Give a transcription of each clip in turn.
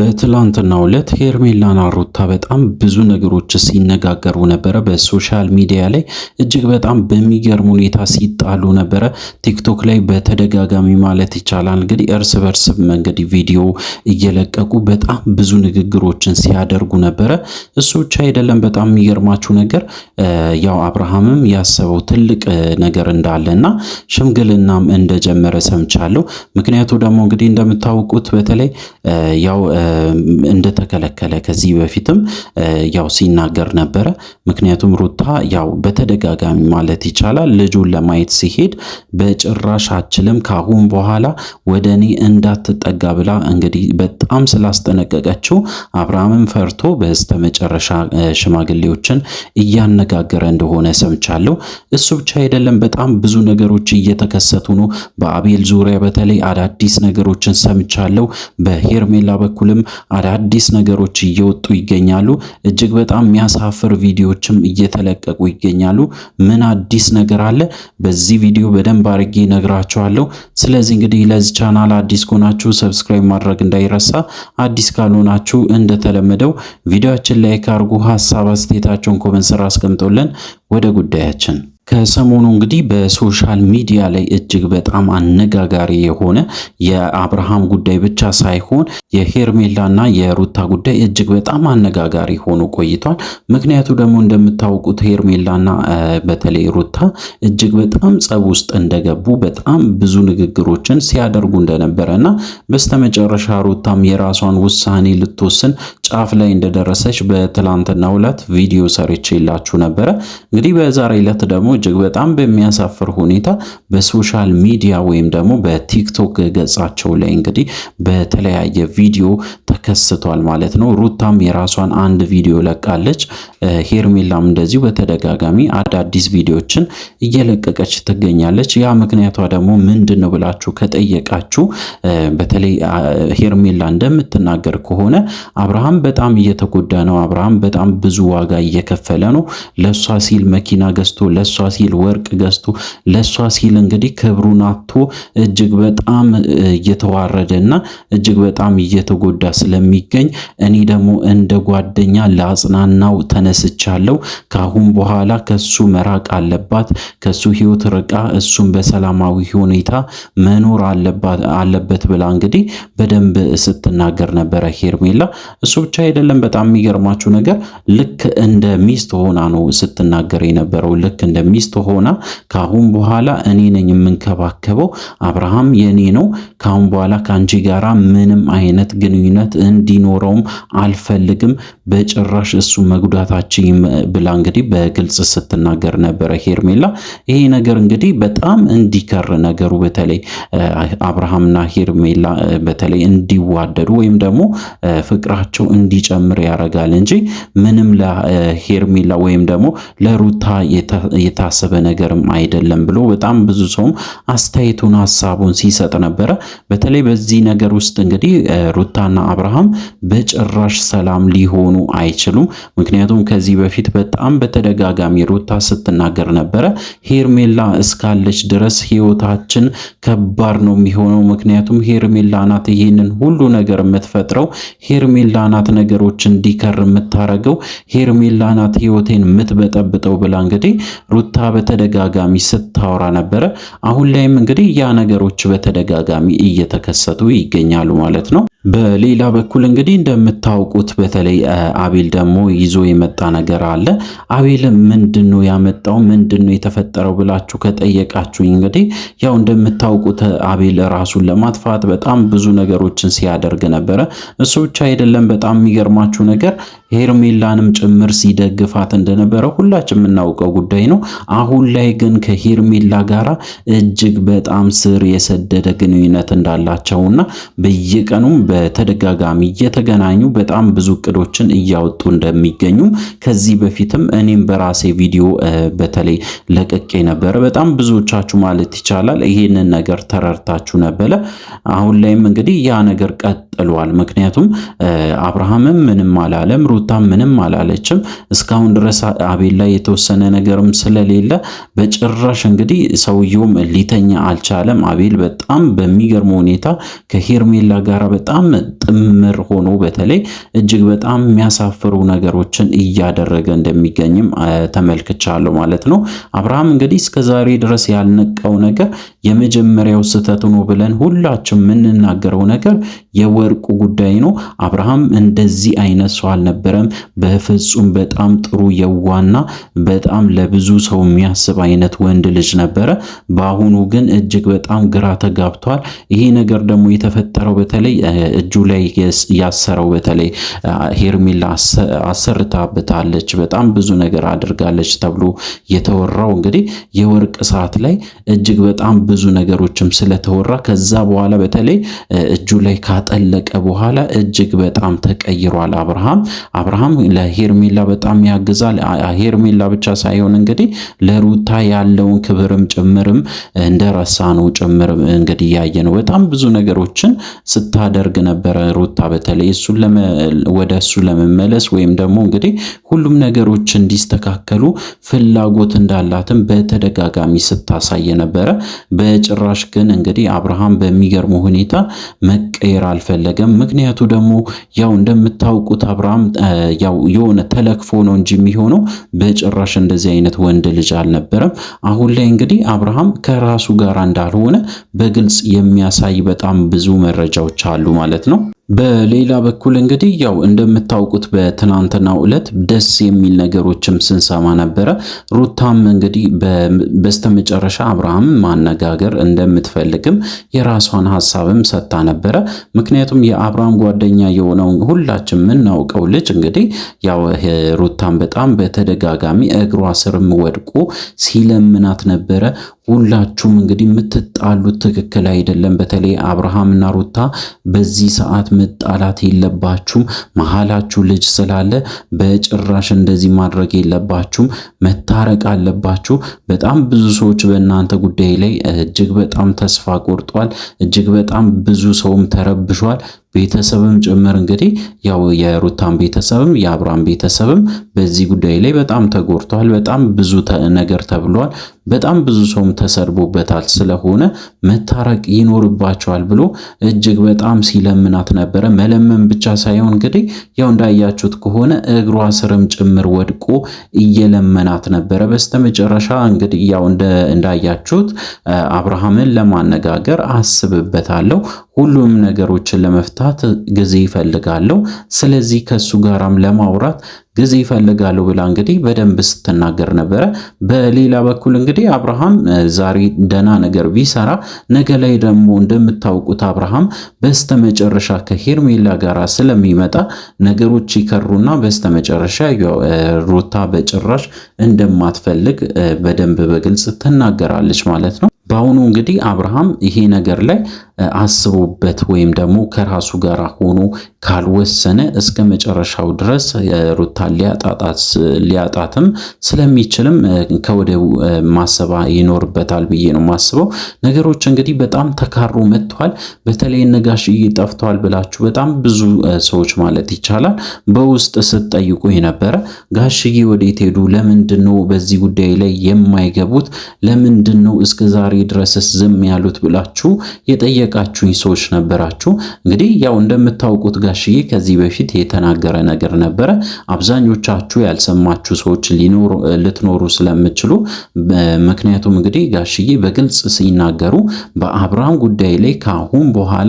the በትላንትናው ዕለት ሄርሜላና ሩታ በጣም ብዙ ነገሮች ሲነጋገሩ ነበረ። በሶሻል ሚዲያ ላይ እጅግ በጣም በሚገርም ሁኔታ ሲጣሉ ነበረ። ቲክቶክ ላይ በተደጋጋሚ ማለት ይቻላል እንግዲህ እርስ በርስ መንገድ ቪዲዮ እየለቀቁ በጣም ብዙ ንግግሮችን ሲያደርጉ ነበረ። እሱ ብቻ አይደለም። በጣም የሚገርማችሁ ነገር ያው አብርሃምም ያሰበው ትልቅ ነገር እንዳለ እና ሽምግልናም እንደጀመረ ሰምቻለሁ። ምክንያቱ ደግሞ እንግዲህ እንደምታውቁት በተለይ ያው እንደተከለከለ ከዚህ በፊትም ያው ሲናገር ነበረ። ምክንያቱም ሩታ ያው በተደጋጋሚ ማለት ይቻላል ልጁን ለማየት ሲሄድ በጭራሽ አችልም ካሁን በኋላ ወደ እኔ እንዳትጠጋ ብላ እንግዲህ በጣም ስላስጠነቀቀችው አብርሃምን ፈርቶ በስተ መጨረሻ ሽማግሌዎችን እያነጋገረ እንደሆነ ሰምቻለሁ። እሱ ብቻ አይደለም፣ በጣም ብዙ ነገሮች እየተከሰቱ ነው። በአቤል ዙሪያ በተለይ አዳዲስ ነገሮችን ሰምቻለሁ። በሄርሜላ በኩልም አዳዲስ ነገሮች እየወጡ ይገኛሉ። እጅግ በጣም የሚያሳፍር ቪዲዮዎችም እየተለቀቁ ይገኛሉ። ምን አዲስ ነገር አለ? በዚህ ቪዲዮ በደንብ አድርጌ ነግራችኋለሁ። ስለዚህ እንግዲህ ለዚህ ቻናል አዲስ ከሆናችሁ ሰብስክራይብ ማድረግ እንዳይረሳ፣ አዲስ ካልሆናችሁ እንደተለመደው ቪዲዮአችን ላይ ካርጉ ሀሳብ አስተያየታችሁን ኮመንት ስራ አስቀምጦልን ወደ ጉዳያችን ከሰሞኑ እንግዲህ በሶሻል ሚዲያ ላይ እጅግ በጣም አነጋጋሪ የሆነ የአብርሃም ጉዳይ ብቻ ሳይሆን የሄርሜላና የሩታ ጉዳይ እጅግ በጣም አነጋጋሪ ሆኖ ቆይቷል። ምክንያቱ ደግሞ እንደምታውቁት ሄርሜላና በተለይ ሩታ እጅግ በጣም ጸብ ውስጥ እንደገቡ በጣም ብዙ ንግግሮችን ሲያደርጉ እንደነበረና በስተመጨረሻ ሩታም የራሷን ውሳኔ ልትወስን ጫፍ ላይ እንደደረሰች በትላንትና ዕለት ቪዲዮ ሰርቼላችሁ ነበረ። እንግዲህ በዛሬ ዕለት ደግሞ እጅግ በጣም በሚያሳፍር ሁኔታ በሶሻል ሚዲያ ወይም ደግሞ በቲክቶክ ገጻቸው ላይ እንግዲህ በተለያየ ቪዲዮ ተከስቷል ማለት ነው። ሩታም የራሷን አንድ ቪዲዮ ለቃለች። ሄርሜላም እንደዚሁ በተደጋጋሚ አዳዲስ ቪዲዮችን እየለቀቀች ትገኛለች። ያ ምክንያቷ ደግሞ ምንድን ነው ብላችሁ ከጠየቃችሁ በተለይ ሄርሜላ እንደምትናገር ከሆነ አብርሃም በጣም እየተጎዳ ነው። አብርሃም በጣም ብዙ ዋጋ እየከፈለ ነው። ለእሷ ሲል መኪና ገዝቶ ለእሷ ሲል ወርቅ ገዝቶ ለእሷ ሲል እንግዲህ ክብሩን አቶ እጅግ በጣም እየተዋረደ እና እጅግ በጣም እየተጎዳ ስለሚገኝ እኔ ደግሞ እንደ ጓደኛ ለአጽናናው ተነስቻለሁ። ካሁን በኋላ ከሱ መራቅ አለባት። ከሱ ህይወት ርቃ እሱን በሰላማዊ ሁኔታ መኖር አለበት ብላ እንግዲህ በደንብ ስትናገር ነበረ ሄርሜላ። እሱ ብቻ አይደለም፣ በጣም የሚገርማችሁ ነገር ልክ እንደ ሚስት ሆና ነው ስትናገር የነበረው ልክ እንደ ሚስት ሆና ካሁን በኋላ እኔ ነኝ የምንከባከበው፣ አብርሃም የኔ ነው። ካሁን በኋላ ከአንቺ ጋራ ምንም አይነት ግንኙነት እንዲኖረውም አልፈልግም በጭራሽ እሱ መጉዳታችን ብላ እንግዲህ በግልጽ ስትናገር ነበረ ሄርሜላ። ይሄ ነገር እንግዲህ በጣም እንዲከር ነገሩ በተለይ አብርሃምና ሄርሜላ በተለይ እንዲዋደዱ ወይም ደግሞ ፍቅራቸው እንዲጨምር ያደርጋል እንጂ ምንም ለሄርሜላ ወይም ደግሞ ለሩታ የታሰበ ነገርም አይደለም ብሎ በጣም ብዙ ሰውም አስተያየቱን ሀሳቡን ሲሰጥ ነበረ። በተለይ በዚህ ነገር ውስጥ እንግዲህ ሩታና አብርሃም በጭራሽ ሰላም ሊሆኑ አይችሉም። ምክንያቱም ከዚህ በፊት በጣም በተደጋጋሚ ሩታ ስትናገር ነበረ፣ ሄርሜላ እስካለች ድረስ ህይወታችን ከባድ ነው የሚሆነው። ምክንያቱም ሄርሜላ ናት ይህንን ሁሉ ነገር የምትፈጥረው፣ ሄርሜላ ናት ነገሮች እንዲከር የምታረገው፣ ሄርሜላ ናት ህይወቴን የምትበጠብጠው ብላ እንግዲህ ሩታ በተደጋጋሚ ስታወራ ነበረ። አሁን ላይም እንግዲህ ያ ነገሮች በተደጋጋሚ እየተከሰቱ ይገኛሉ ማለት ነው። በሌላ በኩል እንግዲህ እንደምታውቁት በተለይ አቤል ደግሞ ይዞ የመጣ ነገር አለ። አቤል ምንድን ነው ያመጣው? ምንድን ነው የተፈጠረው ብላችሁ ከጠየቃችሁኝ እንግዲህ ያው እንደምታውቁት አቤል ራሱን ለማጥፋት በጣም ብዙ ነገሮችን ሲያደርግ ነበረ። እሱ ብቻ አይደለም። በጣም የሚገርማችሁ ነገር ሄርሜላንም ጭምር ሲደግፋት እንደነበረ ሁላችን የምናውቀው ጉዳይ ነው። አሁን ላይ ግን ከሄርሜላ ጋራ እጅግ በጣም ስር የሰደደ ግንኙነት እንዳላቸውና በየቀኑም በተደጋጋሚ እየተገናኙ በጣም ብዙ እቅዶችን እያወጡ እንደሚገኙ ከዚህ በፊትም እኔም በራሴ ቪዲዮ በተለይ ለቅቄ ነበረ። በጣም ብዙዎቻችሁ ማለት ይቻላል ይህንን ነገር ተረድታችሁ ነበረ። አሁን ላይም እንግዲህ ያ ነገር ቀጥሏል። ምክንያቱም አብርሃምም ምንም አላለም፣ ሩታም ምንም አላለችም። እስካሁን ድረስ አቤል ላይ የተወሰነ ነገርም ስለሌለ በጭራሽ እንግዲህ ሰውየውም ሊተኛ አልቻለም። አቤል በጣም በሚገርም ሁኔታ ከሄርሜላ ጋር በጣም በጣም ጥምር ሆኖ በተለይ እጅግ በጣም የሚያሳፍሩ ነገሮችን እያደረገ እንደሚገኝም ተመልክቻለሁ ማለት ነው። አብርሃም እንግዲህ እስከ ዛሬ ድረስ ያልነቀው ነገር የመጀመሪያው ስህተት ነው ብለን ሁላችን የምንናገረው ነገር የወርቁ ጉዳይ ነው። አብርሃም እንደዚህ አይነት ሰው አልነበረም በፍጹም። በጣም ጥሩ የዋና በጣም ለብዙ ሰው የሚያስብ አይነት ወንድ ልጅ ነበረ። በአሁኑ ግን እጅግ በጣም ግራ ተጋብቷል። ይሄ ነገር ደግሞ የተፈጠረው በተለይ እጁ ላይ ያሰረው በተለይ ሄርሜላ አሰርታበታለች፣ በጣም ብዙ ነገር አድርጋለች ተብሎ የተወራው እንግዲህ የወርቅ ሰዓት ላይ እጅግ በጣም ብዙ ነገሮችም ስለተወራ ከዛ በኋላ በተለይ እጁ ላይ ካጠለቀ በኋላ እጅግ በጣም ተቀይሯል። አብርሃም አብርሃም ለሄርሜላ በጣም ያግዛል። ሄርሜላ ብቻ ሳይሆን እንግዲህ ለሩታ ያለውን ክብርም ጭምርም እንደረሳ ነው ጭምር እንግዲህ ያየ ነው። በጣም ብዙ ነገሮችን ስታደርግ ነበረ ሩታ በተለይ እሱን ወደ እሱ ለመመለስ ወይም ደግሞ እንግዲህ ሁሉም ነገሮች እንዲስተካከሉ ፍላጎት እንዳላትም በተደጋጋሚ ስታሳይ ነበረ። በጭራሽ ግን እንግዲህ አብርሃም በሚገርሙ ሁኔታ መቀየር አልፈለገም። ምክንያቱ ደግሞ ያው እንደምታውቁት አብርሃም ያው የሆነ ተለክፎ ነው እንጂ የሚሆነው በጭራሽ እንደዚህ አይነት ወንድ ልጅ አልነበረም። አሁን ላይ እንግዲህ አብርሃም ከራሱ ጋር እንዳልሆነ በግልጽ የሚያሳይ በጣም ብዙ መረጃዎች አሉ ማለት ማለት ነው። በሌላ በኩል እንግዲህ ያው እንደምታውቁት በትናንትናው ዕለት ደስ የሚል ነገሮችም ስንሰማ ነበረ። ሩታም እንግዲህ በስተመጨረሻ አብርሃም ማነጋገር እንደምትፈልግም የራሷን ሀሳብም ሰጥታ ነበረ። ምክንያቱም የአብርሃም ጓደኛ የሆነው ሁላችን የምናውቀው ልጅ እንግዲህ ያው ሩታም በጣም በተደጋጋሚ እግሯ ስርም ወድቆ ሲለምናት ነበረ። ሁላችሁም እንግዲህ የምትጣሉት ትክክል አይደለም፣ በተለይ አብርሃምና ሩታ በዚህ ሰዓት መጣላት የለባችሁም። መሀላችሁ ልጅ ስላለ በጭራሽ እንደዚህ ማድረግ የለባችሁም። መታረቅ አለባችሁ። በጣም ብዙ ሰዎች በእናንተ ጉዳይ ላይ እጅግ በጣም ተስፋ ቆርጧል። እጅግ በጣም ብዙ ሰውም ተረብሿል። ቤተሰብም ጭምር እንግዲህ ያው የሩታን ቤተሰብም የአብርሃም ቤተሰብም በዚህ ጉዳይ ላይ በጣም ተጎርቷል በጣም ብዙ ነገር ተብሏል። በጣም ብዙ ሰውም ተሰድቦበታል። ስለሆነ መታረቅ ይኖርባቸዋል ብሎ እጅግ በጣም ሲለምናት ነበረ። መለመን ብቻ ሳይሆን እንግዲህ ያው እንዳያችሁት ከሆነ እግሯ ስርም ጭምር ወድቆ እየለመናት ነበረ። በስተመጨረሻ እንግዲህ ያው እንዳያችሁት አብርሃምን ለማነጋገር አስብበታለሁ ሁሉም ነገሮችን ለመፍታት ጊዜ ይፈልጋለሁ፣ ስለዚህ ከሱ ጋራም ለማውራት ጊዜ ይፈልጋሉ ብላ እንግዲህ በደንብ ስትናገር ነበረ። በሌላ በኩል እንግዲህ አብርሃም ዛሬ ደህና ነገር ቢሰራ ነገ ላይ ደግሞ እንደምታውቁት አብርሃም በስተመጨረሻ ከሄርሜላ ጋር ስለሚመጣ ነገሮች ይከሩና በስተመጨረሻ ሩታ በጭራሽ እንደማትፈልግ በደንብ በግልጽ ትናገራለች ማለት ነው። በአሁኑ እንግዲህ አብርሃም ይሄ ነገር ላይ አስቦበት ወይም ደግሞ ከራሱ ጋር ሆኖ ካልወሰነ እስከ መጨረሻው ድረስ ሩታን ሊያጣትም ስለሚችልም ከወዲያው ማሰባ ይኖርበታል ብዬ ነው ማስበው። ነገሮች እንግዲህ በጣም ተካሮ መጥቷል። በተለይ ነጋሽዬ ጠፍተዋል ብላችሁ በጣም ብዙ ሰዎች ማለት ይቻላል በውስጥ ስትጠይቁ የነበረ ጋሽዬ ወዴት ሄዱ? ለምንድን ነው በዚህ ጉዳይ ላይ የማይገቡት? ለምንድን ነው እስከ ዛሬ ድረስስ ዝም ያሉት? ብላችሁ የጠየቀ የጠየቃችሁኝ ሰዎች ነበራችሁ። እንግዲህ ያው እንደምታውቁት ጋሽዬ ከዚህ በፊት የተናገረ ነገር ነበረ። አብዛኞቻችሁ ያልሰማችሁ ሰዎች ልትኖሩ ስለምችሉ ምክንያቱም እንግዲህ ጋሽዬ በግልጽ ሲናገሩ በአብርሃም ጉዳይ ላይ ከአሁን በኋላ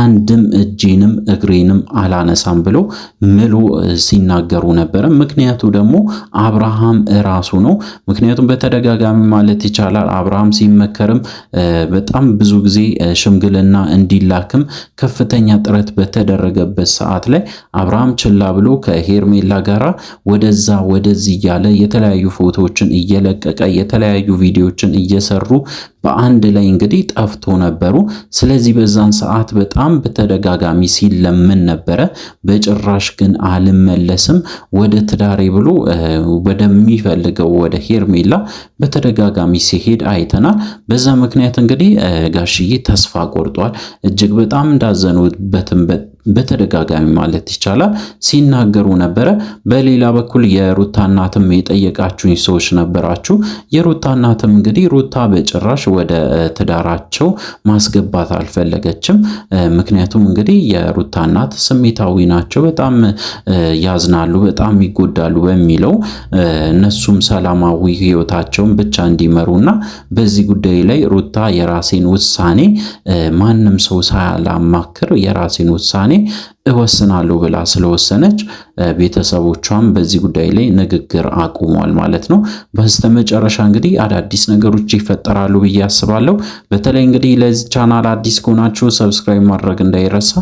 አንድም እጄንም እግሬንም አላነሳም ብሎ ምሎ ሲናገሩ ነበረ። ምክንያቱ ደግሞ አብርሃም እራሱ ነው። ምክንያቱም በተደጋጋሚ ማለት ይቻላል አብርሃም ሲመከርም በጣም ብዙ ጊዜ ሽምግል እንዲችልና እንዲላክም ከፍተኛ ጥረት በተደረገበት ሰዓት ላይ አብርሃም ችላ ብሎ ከሄርሜላ ጋር ወደዛ ወደዚህ እያለ የተለያዩ ፎቶዎችን እየለቀቀ የተለያዩ ቪዲዮዎችን እየሰሩ በአንድ ላይ እንግዲህ ጠፍቶ ነበሩ። ስለዚህ በዛን ሰዓት በጣም በተደጋጋሚ ሲለምን ነበረ። በጭራሽ ግን አልመለስም ወደ ትዳሬ ብሎ ወደሚፈልገው ወደ ሄርሜላ በተደጋጋሚ ሲሄድ አይተናል። በዛ ምክንያት እንግዲህ ጋሽዬ ተስፋ ቆርጧል። እጅግ በጣም እንዳዘኑበትም በተደጋጋሚ ማለት ይቻላል ሲናገሩ ነበረ። በሌላ በኩል የሩታ እናትም የጠየቃችሁኝ ሰዎች ነበራችሁ። የሩታ እናትም እንግዲህ ሩታ በጭራሽ ወደ ትዳራቸው ማስገባት አልፈለገችም። ምክንያቱም እንግዲህ የሩታ እናት ስሜታዊ ናቸው፣ በጣም ያዝናሉ፣ በጣም ይጎዳሉ በሚለው እነሱም ሰላማዊ ህይወታቸውን ብቻ እንዲመሩ እና በዚህ ጉዳይ ላይ ሩታ የራሴን ውሳኔ ማንም ሰው ሳላማክር የራሴን ውሳኔ እወስናለሁ ብላ ስለወሰነች ቤተሰቦቿም በዚህ ጉዳይ ላይ ንግግር አቁሟል ማለት ነው። በስተመጨረሻ እንግዲህ አዳዲስ ነገሮች ይፈጠራሉ ብዬ አስባለሁ። በተለይ እንግዲህ ለዚህ ቻናል አዲስ ከሆናችሁ ሰብስክራይብ ማድረግ እንዳይረሳ፣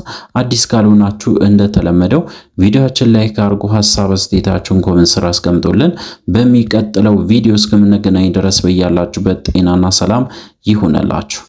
አዲስ ካልሆናችሁ እንደተለመደው ቪዲዮችን ላይክ አድርጉ፣ ሀሳብ አስተያየታችሁን ኮመንት ስራ አስቀምጡልን። በሚቀጥለው ቪዲዮ እስከምንገናኝ ድረስ በያላችሁበት ጤናና ሰላም ይሁንላችሁ።